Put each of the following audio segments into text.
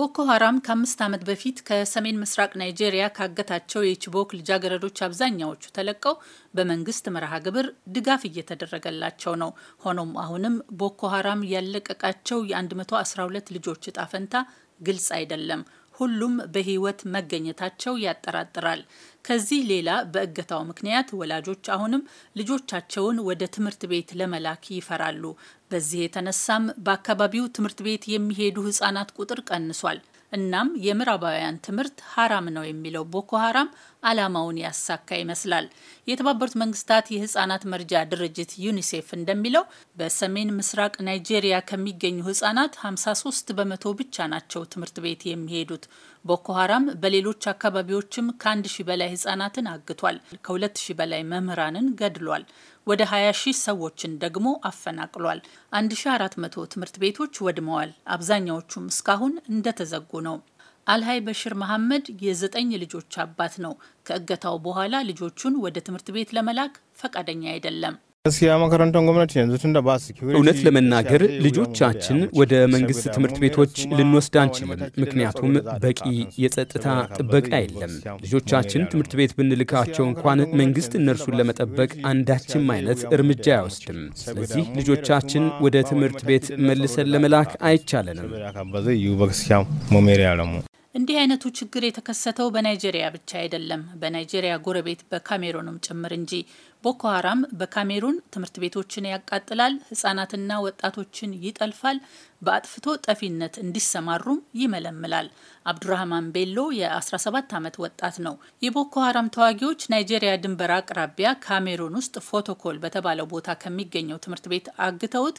ቦኮ ሀራም ከአምስት ዓመት በፊት ከሰሜን ምስራቅ ናይጄሪያ ካገታቸው የችቦክ ልጃገረዶች አብዛኛዎቹ ተለቀው በመንግስት መርሃ ግብር ድጋፍ እየተደረገላቸው ነው። ሆኖም አሁንም ቦኮ ሀራም ያለቀቃቸው የ112 ልጆች እጣ ፈንታ ግልጽ አይደለም። ሁሉም በህይወት መገኘታቸው ያጠራጥራል። ከዚህ ሌላ በእገታው ምክንያት ወላጆች አሁንም ልጆቻቸውን ወደ ትምህርት ቤት ለመላክ ይፈራሉ። በዚህ የተነሳም በአካባቢው ትምህርት ቤት የሚሄዱ ህጻናት ቁጥር ቀንሷል። እናም የምዕራባውያን ትምህርት ሀራም ነው የሚለው ቦኮ ሀራም አላማውን ያሳካ ይመስላል። የተባበሩት መንግስታት የህጻናት መርጃ ድርጅት ዩኒሴፍ እንደሚለው በሰሜን ምስራቅ ናይጄሪያ ከሚገኙ ህጻናት 53 በመቶ ብቻ ናቸው ትምህርት ቤት የሚሄዱት። ቦኮ ሀራም በሌሎች አካባቢዎችም ከ1000 በላይ ህጻናትን አግቷል። ከ2000 በላይ መምህራንን ገድሏል። ወደ 20 ሺህ ሰዎችን ደግሞ አፈናቅሏል። 1400 ትምህርት ቤቶች ወድመዋል። አብዛኛዎቹም እስካሁን እንደተዘጉ ነው። አልሀይ በሽር መሐመድ የዘጠኝ ልጆች አባት ነው። ከእገታው በኋላ ልጆቹን ወደ ትምህርት ቤት ለመላክ ፈቃደኛ አይደለም። እውነት ለመናገር ልጆቻችን ወደ መንግስት ትምህርት ቤቶች ልንወስድ አንችልም፣ ምክንያቱም በቂ የጸጥታ ጥበቃ የለም። ልጆቻችን ትምህርት ቤት ብንልካቸው እንኳን መንግስት እነርሱን ለመጠበቅ አንዳችም አይነት እርምጃ አይወስድም። ስለዚህ ልጆቻችን ወደ ትምህርት ቤት መልሰን ለመላክ አይቻለንም። እንዲህ አይነቱ ችግር የተከሰተው በናይጄሪያ ብቻ አይደለም፣ በናይጄሪያ ጎረቤት በካሜሩንም ጭምር እንጂ። ቦኮ ሀራም በካሜሩን ትምህርት ቤቶችን ያቃጥላል፣ ህጻናትና ወጣቶችን ይጠልፋል፣ በአጥፍቶ ጠፊነት እንዲሰማሩም ይመለምላል። አብዱራህማን ቤሎ የ17 ዓመት ወጣት ነው። የቦኮ ሀራም ተዋጊዎች ናይጄሪያ ድንበር አቅራቢያ ካሜሩን ውስጥ ፎቶኮል በተባለው ቦታ ከሚገኘው ትምህርት ቤት አግተውት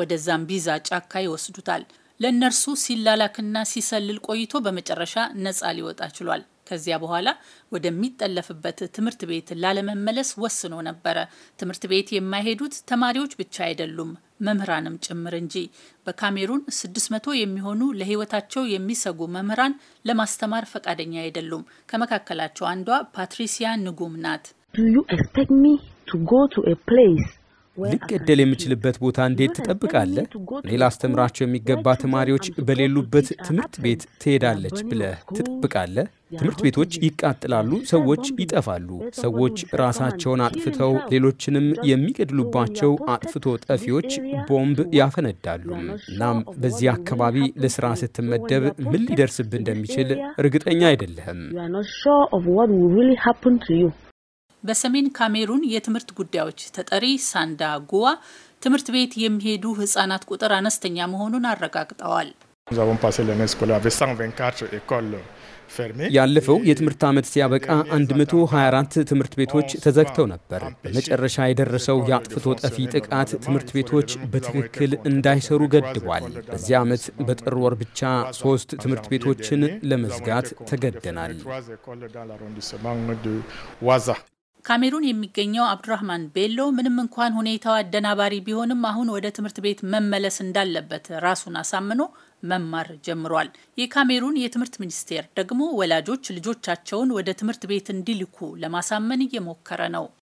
ወደ ዛምቢዛ ጫካ ይወስዱታል። ለእነርሱ ሲላላክና ሲሰልል ቆይቶ በመጨረሻ ነፃ ሊወጣ ችሏል። ከዚያ በኋላ ወደሚጠለፍበት ትምህርት ቤት ላለመመለስ ወስኖ ነበረ። ትምህርት ቤት የማይሄዱት ተማሪዎች ብቻ አይደሉም፣ መምህራንም ጭምር እንጂ። በካሜሩን 600 የሚሆኑ ለሕይወታቸው የሚሰጉ መምህራን ለማስተማር ፈቃደኛ አይደሉም። ከመካከላቸው አንዷ ፓትሪሲያ ንጉም ናት። ልገደል የምችልበት ቦታ እንዴት ትጠብቃለህ? እኔ ላስተምራቸው የሚገባ ተማሪዎች በሌሉበት ትምህርት ቤት ትሄዳለች ብለህ ትጠብቃለህ? ትምህርት ቤቶች ይቃጥላሉ፣ ሰዎች ይጠፋሉ። ሰዎች ራሳቸውን አጥፍተው ሌሎችንም የሚገድሉባቸው አጥፍቶ ጠፊዎች ቦምብ ያፈነዳሉ። እናም በዚህ አካባቢ ለስራ ስትመደብ ምን ሊደርስብህ እንደሚችል እርግጠኛ አይደለህም። በሰሜን ካሜሩን የትምህርት ጉዳዮች ተጠሪ ሳንዳ ጉዋ ትምህርት ቤት የሚሄዱ ህጻናት ቁጥር አነስተኛ መሆኑን አረጋግጠዋል። ያለፈው የትምህርት ዓመት ሲያበቃ 124 ትምህርት ቤቶች ተዘግተው ነበር። በመጨረሻ የደረሰው የአጥፍቶ ጠፊ ጥቃት ትምህርት ቤቶች በትክክል እንዳይሰሩ ገድቧል። በዚህ ዓመት በጥር ወር ብቻ ሶስት ትምህርት ቤቶችን ለመዝጋት ተገደናል። ካሜሩን የሚገኘው አብዱራህማን ቤሎ ምንም እንኳን ሁኔታው አደናባሪ ቢሆንም አሁን ወደ ትምህርት ቤት መመለስ እንዳለበት ራሱን አሳምኖ መማር ጀምሯል። የካሜሩን የትምህርት ሚኒስቴር ደግሞ ወላጆች ልጆቻቸውን ወደ ትምህርት ቤት እንዲልኩ ለማሳመን እየሞከረ ነው።